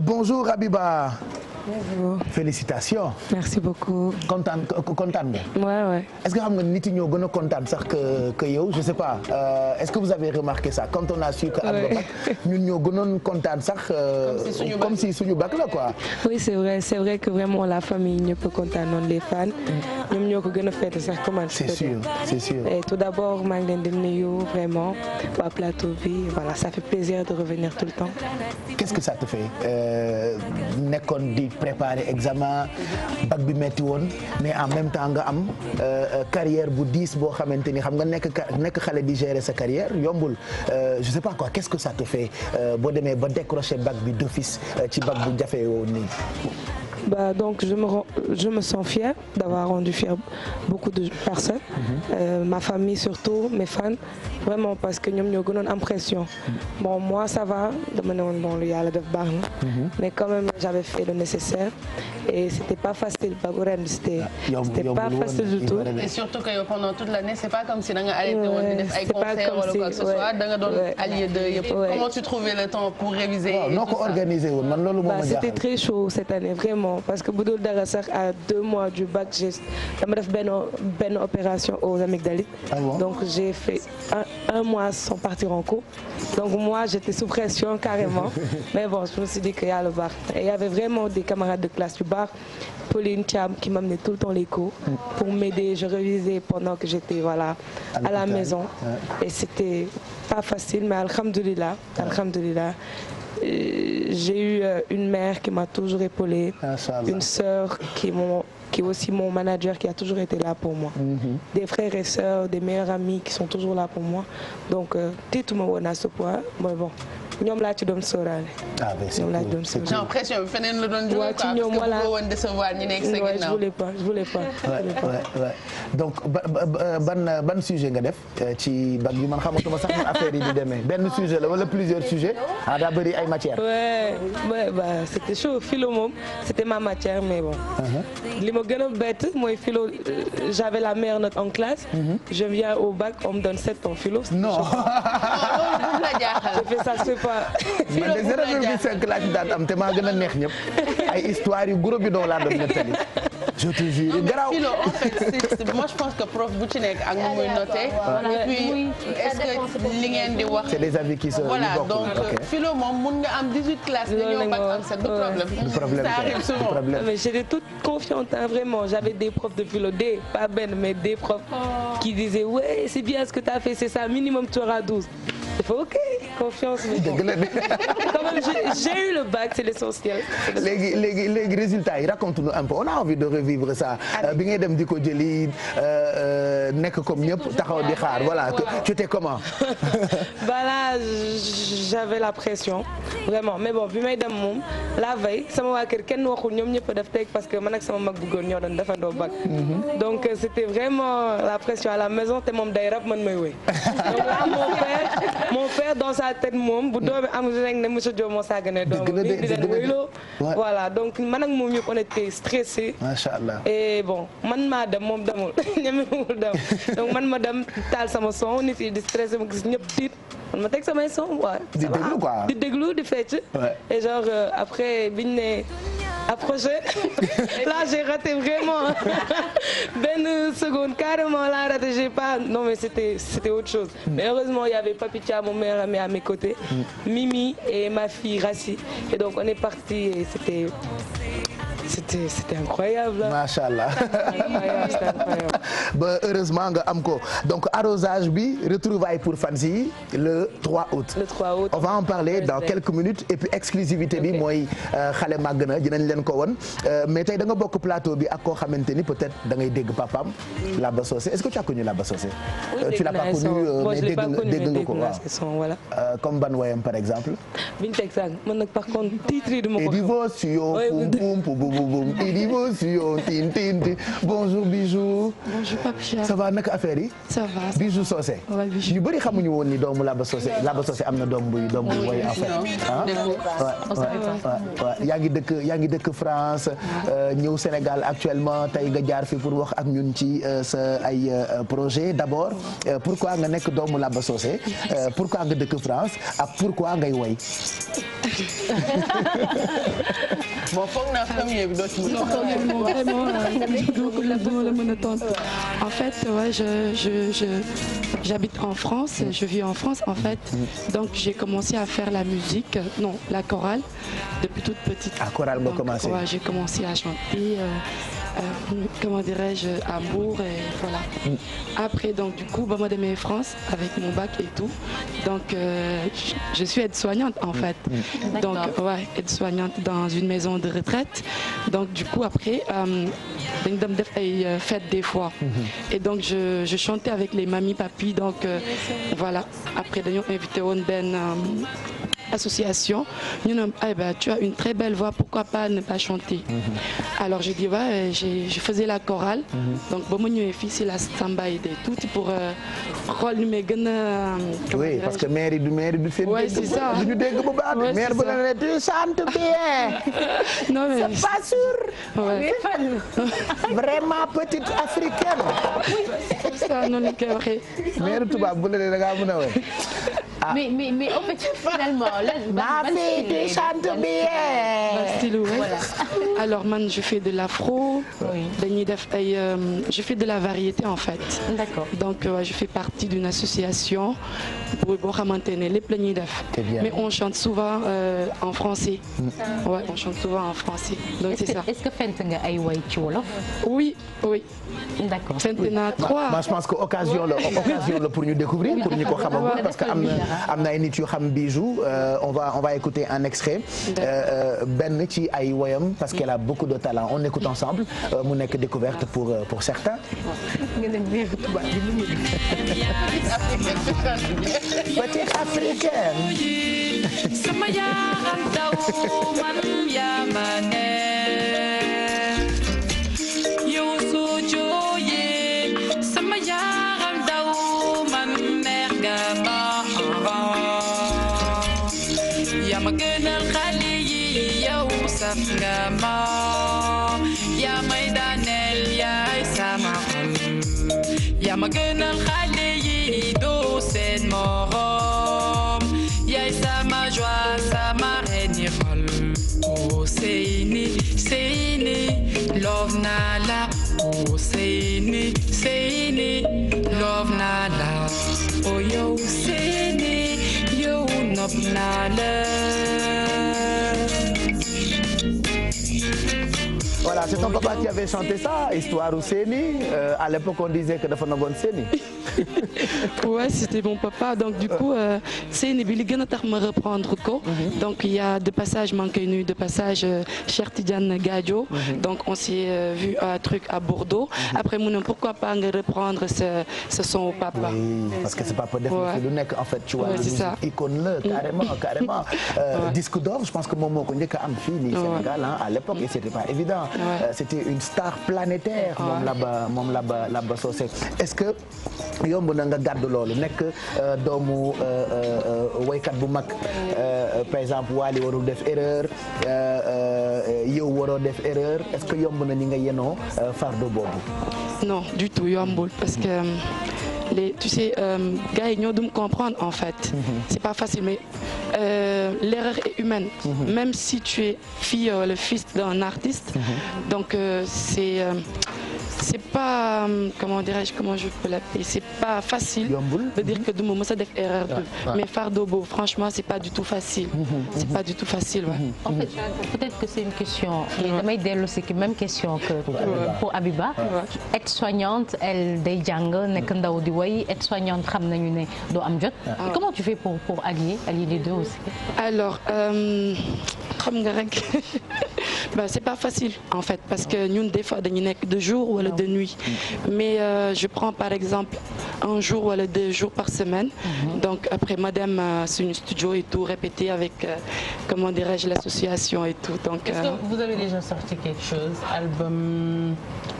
Bonjour Abiba. félicitations. merci beaucoup. kontaan kontaan nga. waaw waaw. est-ce que xam nga nit ñoo gën kontaan sax que que yow je sais pas euh, est-ce vous avez remarqué ça quand on a su que. oui ñun ñoo gënoon sax. Euh, comme si suñu bac la quoi. oui c'est vrai c'est vrai que vraiment la famille ñëpp kontaanoon les fans. ñoom ñoo ko gën a fête sax comment. c'est sûr c'est sûr. tout d'abord maa ngi leen di nuyu vraiment waa plateau bi voilà ça plaisir de revenir tout le temps. qu'est-ce que ça te fait euh, nekkoon di. préparer examen bac bi metti woon mais en même temps nga am euh, carrière bu diis boo xamante ni xam nga nekk nekk xale di gérer sa carrière yombul euh, je sais pas quoi qu'est-ce que ça te fait euh, boo demee ba décrocher bac bi d'office ci bac bu jafe woon nii Bah, donc je me, je me sens fière d'avoir rendu fière beaucoup de personnes, mm -hmm. euh, ma famille surtout, mes fans, vraiment parce que ñoom ñoo gënoon am pression. Mhm. bon moi ça va dama ne woon bon lu yàlla def baax na. Mhm. mais quand même j'avais fait le nécessaire et c'était pas facile Babou Reine c'était ah, c'était pas facile du tout. et surtout que pendant toute l'année c'est pas comme si da nga arrêté woon di def ay concerts wala quoi que ce soit da nga doon allié de yëpp. comment tu trouvais le temps pour réviser. waaw noo ko organisé woon man loolu moo ma jaaxal. c'était très chaud cette année vraiment. non parce que bu dul dara sax à deux mois du bac j'ai dama def benn benn opération aux amygdalites ah bon? donc j'ai fait un, un mois sans partir en cours donc moi j'étais sous pression carrément mais bon je me suis dit que yàlla baax et il y avait vraiment des camarades de classe yu baax Pauline Thiam qui m'amenait tout le temps les cours pour m'aider je révisais pendant que j'étais voilà à, à la maison ouais. et c'était pas facile mais alhamdoulilah alhamdoulilah Euh, j'ai eu euh, une mère qui m'a toujours épaulée, une sœur qui, qui est aussi mon manager qui a toujours été là pour moi. Mm -hmm. Des frères et sœurs, des meilleurs amis qui sont toujours là pour moi. Donc, tout me à ce point, mais bon, ñoom laa ci doon sóoraale. ah bien sûr ñoom laa ci doon sóoraale. non pression bi feneen la doon jógee quoi parce que bu ko woon décevoir ñi nekk sa ginnaaw. non je voulais pas je voulais pas. donc ban ban sujet nga def euh, ci bag yi man xamatuma sax man affaire yi di demee benn ah. sujet la wala plusieurs sujets ah daa bëri ay matières. oui ba c'était chaud philo moom c'était ma matière mais bon. Uh-huh. li ma gën a bett mooy philo euh, j'avais la meilleure note en classe. Mm-hmm. je viens au bac on me donne sept en philo. non. j'ai fait ça pas. man de zéro virgule cinq laa ci daan am te maa gën a neex ñëpp ay histoire yu gros bidon laa doon nettali. je te jure garaaw non en fait c'est moi je pense que prof bu c'est des avis qui se voilà donc philo moom classes. nga ñëw bac am sax problème. du problème mais de philo oh. qui disaient ouais c'est bien ce que t'as fait c'est ça minimum tu auras 12. il faut ok confiance bi dëgg la quand même j'ai eu le bac c'est l'essentiel léegi léegi léegi résultat yi raconte nous un peu on a envie de revivre ça euh, bi ngay dem di ko jëli euh, euh, nekk comme ñëpp taxaw di xaar voilà tu étais comment bah là j'avais la pression vraiment mais bon bi may dem moom la veille sama waa kër kenn waxul ñoom ñëpp a def teg parce que man ak sama mag bu góor ñoo doon defandoo bac mhm. donc c'était vraiment la pression à la maison te moom day rab man may wëy donc là mon père mon père dans sa tête a bu doomi amul rek ne monsieur Diop moo sàgganee doomam bi di leen wéyloo voilà donc man ak moom ñëpp on était stressé macha allah et bon man maa dem moom demul ñemewul dem donc man ma dem taal sama son nit yi di stressé ma gis ñëpp tiit man ma teg samay son waaw di déglu quoi di déglu di fecc et genre euh, après biñ ne approché là j'ai raté vraiment benn euh, seconde carrément là raté j'ai pas non mais c'était c'était autre chose mais heureusement il y avait Papitia mon meilleur ami à mes côtés mm. Mimi et ma fille Rassi et donc on est parti et c'était c'était c'était incroyable. macha allah c'était incroyable ba heureusement nga am ko donc arrosage bi retrouvaille pour fan si le 3 août. le 3 août on va en parler dans quelques minutes et exclusivité bi mooy euh, xale màgg na dinañ leen ko won euh, mais tey da nga bokk plateau bi ak koo xamante ni peut-être da ngay dégg papaam. Laba Socé est-ce que tu as connu Laba Socé. Euh, tu l'as pas connu mais dégg nga dégg nga ko waaw. comme ban woyam par exemple. Binteg Sall man boum boum émotion tin tin tin bonjour Bijou. bonjour Pape ça va naka affaire yi. ça va Bijou Socé. bëri xamuñu woon ni doomu Laba Socé Laba Socé am na doom buy doom buy woy affaire ah. yaa ngi dëkk yaa ngi dëkk France euh, ñëw Sénégal actuellement tey nga jaar fi pour wax ak ñun ci euh, sa ay euh, projet d'abord pourquoi nga nekk doomu Laba Socé pourquoi nga dëkk France ak pourquoi ngay woy. bon foog naa premier bi doo ci mën vraiment donc la doo la mën a tontu en fait ouais je je je j'habite en France je vis en France en fait donc j'ai commencé à faire la musique non la chorale depuis toute petite. ah chorale nga commencé donc ouais j'ai commencé à chanter. Euh, Euh, comment dirais-je, à Bourg et voilà. Après, donc du coup, bah, moi, de France avec mon bac et tout. Donc, euh, je suis aide-soignante en fait. Mm, mm. Donc, ouais, aide-soignante dans une maison de retraite. Donc, du coup, après, euh, dañ dem def ay euh, fête des fois. Mm, et donc je je chantais avec les mamies papi donc euh, voilà après dañoo invité woon benn. Euh, association, nous nous ah, eh bah, tu as une très belle voix, pourquoi pas ne pas chanter mhm. Alors je dis, je faisais la chorale, mm -hmm. donc bon, mon fils, il a samba et tout pour euh, rôle mes euh, Oui, parce que mairie du mairie du film. Oui, c'est ça. Je dis que non, C'est pas sûr. Vraiment petite africaine. Oui, c'est ça, non, le Mère, tu vas bouler les gars, Ah. mais mais mais en fait finalement lan ban style voilà alors man je fais de l'afro. oui dañuy def ay euh, euh, je fais de la variété en fait. d'accord donc euh, je fais partie d'une association pour boo xamante ne lépp la ñuy def. Eh mais on chante souvent en français. Mm. ouais on chante souvent en français donc c'est ça. est-ce que fent nga ay way ci wolof. oui oui. d'accord fent naa trois. je pense que occasion la occasion la pour ñu découvrir pour ñu ko xamagul parce que am na. am na ay nit yu xam bijou euh, on va écouter un extrait euh, euh, benn ci ay woyam parce qu'elle a beaucoup de talent on écoute ensemble mu nekk découverte pour pour certains petite africaine yaa ma gënal xale yi doo seen morom yaay sama joie sama reeni xol oo oh, Seyni Seyni love naa la oo oh, Seyni Seyni love naa la oo oh, yow Seyni yow nopp naa la c'est son papa qui avait chanté ça histoire u Séni euh, à l'époque on disait que dafa nagoon Séni. ouais c'était mon papa donc du coup euh, Séni bi li gën a tax ma reprendre ko. Mhm. donc il y a de passage maa ngi koy nuyu de passage euh, Tidiane Gadio. Mhm. donc on s'est vu un truc à Bordeaux. Mhm. après mu ne pourquoi pas nga reprendre ce son papa. parce que c'est papa def na fi lu nekk en fait tu vois. c'est disque d'or je pense que moom moo ko njëkk a am fii nii c'était une star planétaire moom la ba moom la ba la ba soose est-ce que yomb na nga gàddu loolu nekk euh, doomu euh, euh, woykat bu mag par exemple Wally warul def erreur yow waroo def erreur est-ce que yomb na ni nga yenoo fardeau boobu non du tout yombul parce que les tu sais gars yi ñoo comprendre en fait mm-hmm. c'est pas facile mais l'erreur est humaine, mhm. même si tu es fille, euh, le fils d'un artiste. Mhm. Donc euh, c'est euh, c'est pas euh, comment dirais-je comment je peux l'appeler c'est pas facile. yombul veut dire que du ma mës a def erreur. mais fardeau boobu franchement c'est pas du tout facile. Mm-hmm, mm-hmm. c'est pas du tout facile waaw. Mm-hmm, en fait peut-être que c'est une question. mais damay dellu si même question que. pour Abiba euh, aide-soignante elle day jàng nekk ndaw di way aide-soignante xam nañu ne doo am jot. comment tu fais pour pour allier allier les deux aussi. alors euh, xam nga rek. ben, c'est pas facile en fait parce que ñun des fois dañu nekk de jour wala de nuit mm-hmm. mais euh, je prends par exemple un jour wala deux jours par semaine mm-hmm. donc après ma dem suñu studio et tout répéter avec euh, comment dirais-je l'association et tout donc est-ce que euh, vous avez déjà sorti quelque chose album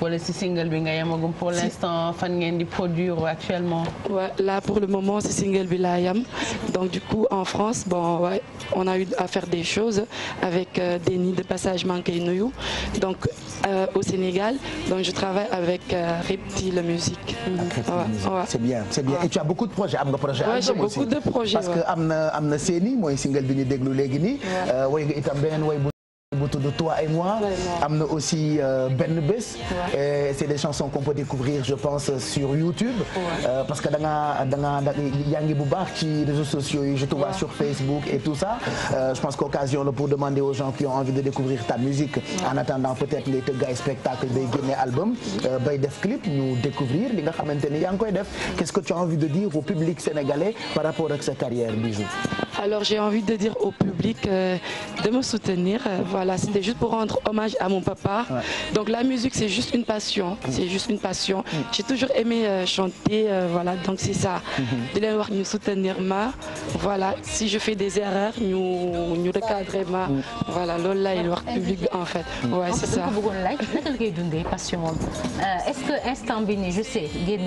wala si single bi nga yamagum pour l'instant fan ngeen di produire actuellement ouais, là pour le moment si single bi laa yam donc du coup en France bon ouais, on a eu à faire des choses avec euh, des nids de passage maa ngi koy nuyu donc euh, au Sénégal donc je travaille avec euh, Reptile Musique. Ah, c'est bien c'est bien et tu as beaucoup de projets am nga projet. de projets parce que am na am na single bi ñu déglu léegi nii. Euh, way bu tudd toi et moi am na aussi euh, benn bés et c'est des chansons qu'on peut découvrir je pense sur YouTube euh, parce que da nga da nga yaa ngi bu baax ci réseaux sociaux yi je te vois sur Facebook et tout ça euh, je pense qu'occasion là pour demander aux gens qui ont envie de découvrir musique en attendant peut-être les tëgg ay spectacle day génne album bay def clip ñu découvrir li nga xamante ni yaa ngi koy def qu'est-ce que tu as envie de dire au public sénégalais par rapport ak sa carrière Bijou Alors j'ai envie de dire au public euh, de me soutenir. Euh, voilà, c'était juste pour rendre hommage à mon papa. Ouais. Donc la musique, c'est juste une passion. Mm. C'est juste mm. J'ai toujours aimé euh, chanter. Euh, voilà, donc c'est ça. Mm-hmm. De les voir nous soutenir ma. Voilà, si je fais des erreurs, nous nous recadrer ma. Mm. Voilà, lola et leur public en fait. Ouais, c'est ça. Euh, est-ce que instant béni, je sais, génn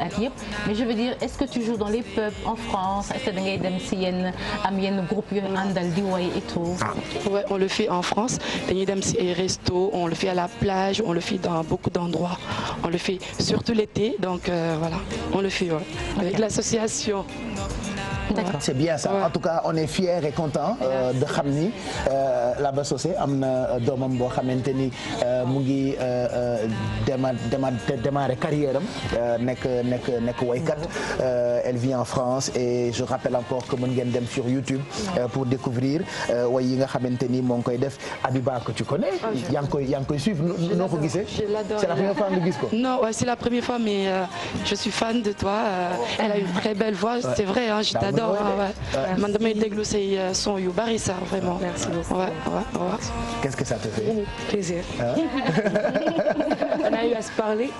ak yëpp, mais ce que tu joues dans les pubs en France? Est-ce que ngay dem si yenn am yenn groupe yooyu àndal di woy et tout. Ah. ouais on le fait en France dañuy dem ci ay resto on le fait à la plage on le fait dans beaucoup d'endroits on le fait surtout l'été donc euh, voilà on le fait ouais. avec okay. l'association c'est bien ça en tout cas on est fiers et euh, de xam ni euh, Laba am na doomam boo xamante ni euh, mu ngi dema dema démarrer carrière am nekk nekk nekk waykat elle vit en France et je rappelle encore que mën ngeen dem sur YouTube pour découvrir way yi nga xamante ni moo ngi koy def Abiba que tu connais ah, yaa ngi koy yaa ko gisee c'est la première fois mais je suis fan de toi oh. elle a une très belle voix c'est vrai j'adore waaw waaw man damay déglu say son yu bari sax vraiment. merci beaucoup waaw waaw qu'est-ce que ça te fait. Oh, plaisir. on a eu à se parler.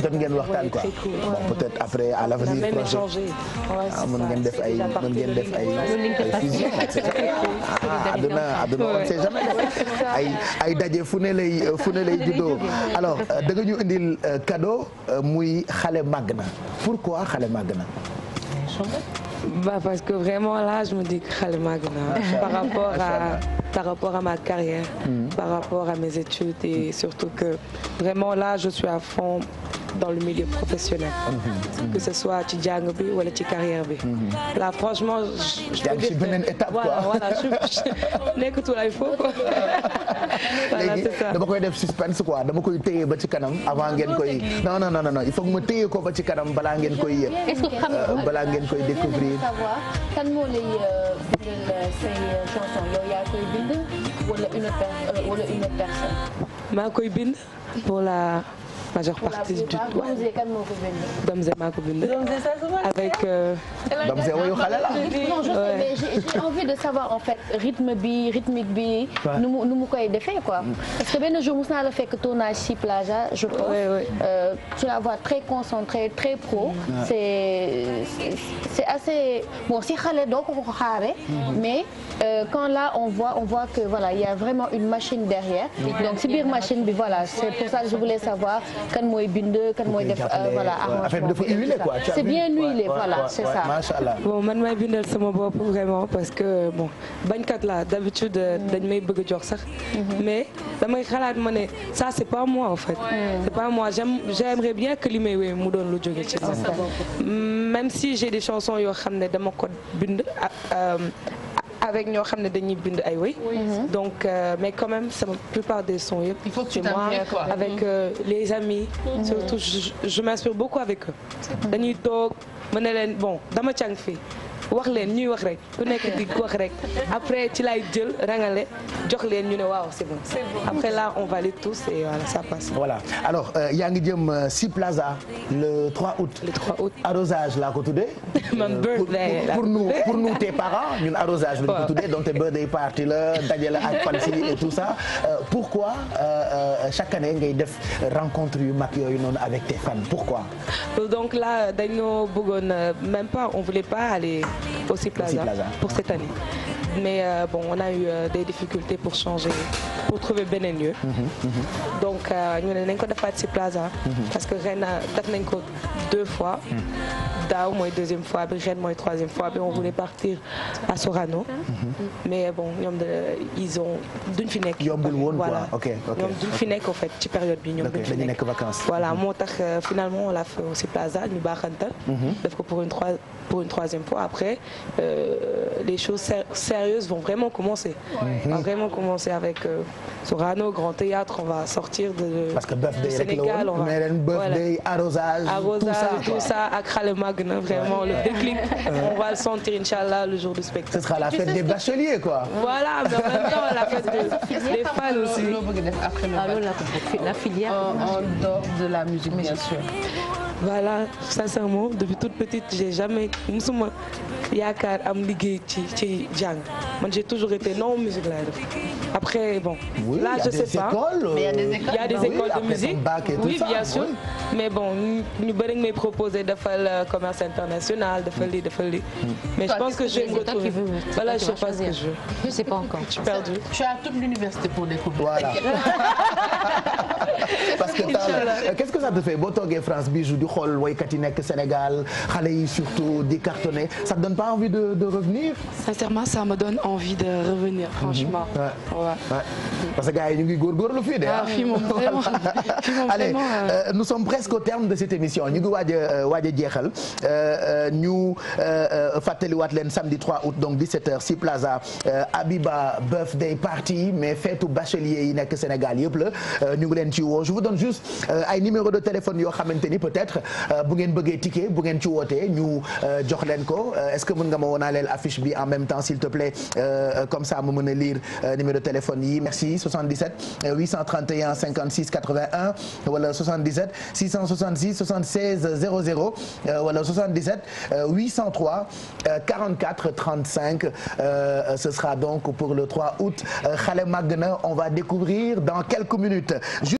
jot ngeen waxtaan quoi bon peut-être après à l'avenir projet. ah mën ngeen def ay mën ngeen def ay ay fusion et cetera ah àdduna ah, ah, àdduna on sait jamais ay ay daje fu ne lay euh, fu ne lay juddoo alors euh, da nga ñu indil euh, cadeau muy xale màgg na pourquoi xale màgg na. Bah parce que vraiment là, je me dis que par rapport à ma carrière, mm -hmm. par rapport à mes études et mhm. surtout que vraiment là, je suis à fond dans le milieu professionnel. Mhm. Que ce soit ci jàng bi wala ci carrière bi. Mhm. là franchement je peux dire beneen étape quoi voilà voilà je nekkatul ay faux quoi. voilà c' est ça léegi dama koy def suspense quoi dama koy téye ba ci kanam avant ngeen koy. non non non non il faut que ma téye ko ba ci kanam balaa ngeen koy. est ce que xam nga euh, balaa ngeen koy découvrir. kan moo lay euh, bindal bind wala une per euh, wala une personne. maa koy bind pour la. majeure partie du temps. Damzee kan moo ko bind. Damzee maa ko bind. avec. Damzee wayu xale la. non je sais mais j'ai envie de savoir en fait rythme bi rythmique bi. nu mu nu mu koy defee quoi. Mm. parce que benn jour mos naa la fekk tournage ci Plaja je pense. oui oui euh, tu la vois très concentrée très pro. c'est c'est assez bon si xale doo ko ko xaaree. Mm. mais euh, quand là on voit on voit que voilà il y a vraiment une machine derrière. donc si biir machine bi voilà c'est pour ça que je voulais savoir. kan mooy bind kan mooy def euh, voilà arrangement bi et tout ça c'est bien huilé voilà c'est ça. bon man may bindal sama bopp vraiment parce que bon bañkat la d'habitude euh, mm. dañ may bëgg a jox sax. Mm-hmm. mais damay xalaat ma ne ça c'est pas moi en fait. c'est pas moi j'aime j'aimerais bien que li may wéy mu doon lu jóge ci même si j'ai des chansons yoo xam ne dama ko bind ah, euh, avec ñoo xam ne dañuy bind ay woy mm-hmm. donc euh, mais quand même sama plupart des sons yëpp c'est moi avec mm-hmm. euh, les amis mm-hmm. surtout je, je m'inspire beaucoup avec eux dañuy toog mën na leen bon dama càng fii wax leen ñuy wax rek ku nekk di wax après ci laay jël rangale jox leen ñu ne waaw c'est bon. après là on valide tous et voilà ça passe. voilà alors euh, yaa ngi jëm euh, si plaza le 3 août. arrosage laa ko tuddee. man birthday euh, pour nous pour nous tes ñun arrosage. waaw la ko tuddee donc te birthday party la daje la ak Fancy et ngay def rencontre yu mag yooyu noonu avec tes on voulait pas aller. Aussi Plaza, Plaza. pour cette année. mais euh, bon on a eu euh, des difficultés pour changer pour trouver beneen lieu mhm, mhm. donc euh, ñu ne nañ ko defaat plaza mhm. parce que ren euh, def nañ ko deux fois daaw mooy deuxième fois bi ren mooy troisième fois bi on voulait partir à Sorano mais bon ñoom ils ont duñ fi nekk yombul woon quoi ok ok ñoom duñ fi nekk en ci période bi ñoom duñ nekk vacances voilà moo tax finalement on l'a fait aussi plaza ñu baaxantal def ko pour une pour troisième fois après les choses sérieuses vont vraiment commencer. Mhm. On avec euh, Sorano, Grand Théâtre, on va sortir de, Sénégal. On va, mais voilà. le Magne, vraiment, le déclic. on va le sentir, Inch'Allah, le jour du spectacle. Voilà, mais en même temps, la ah, la, filière en, dehors de la musique, bien voilà sincèrement depuis toute petite j'ai jamais musuma yaakaar am liggéey ci ci man j'ai toujours été non musique laay def Après, bon, oui, là, je sais pas. Il y a des euh, écoles, il y a des oui, écoles de musique. Bac et oui, tout bien ça, sûr. Mais bon, ñu bëri nga may proposé defal euh, commerce international, defal lii, defal lii. Mm. Mais Toi, je pense que, que je vais me retrouver. Voilà, je sais pas ce que je veux. Je sais pas encore. Je suis perdue. Je suis à toute l'université pour découvrir. Voilà. parce que euh, qu'est-ce que ça te fait boo toogee France bi jour di xool woykat yi nekk Sénégal xale yi surtout di cartonner ça te donne pas envie de de revenir. sincèrement ça me donne envie de revenir mhm. franchement. Mm -hmm. ouais. waaw ah, parce que gars yi ñu ngi góorgóorlu fii de. waaw ah, ah. fii moom vraiment fii moom euh, nous sommes presque au terme de cette émission ñu ngi waaj a euh, waaj jeexal euh, ñu fàttaliwaat leen samedi 3 août donc 17h si Plaza Abiba birthday party mais feetu bachelier yi nekk Sénégal yëpp la ñu ngi leen ci woo je vous donne juste ay numéro de téléphone yoo xamante ni peut-être bu ngeen bëggee ticket bu ngeen ci wootee ñu jox leen ko est-ce que mën nga ma woonaa leen affiche bi en même temps s'il te plaît comme ça mu mën lire numéro téléphone yi merci 77 831 56 81 wala 77 666 76 00 wala 77 803 euh, euh, euh, pour le 3 août xale màgg na on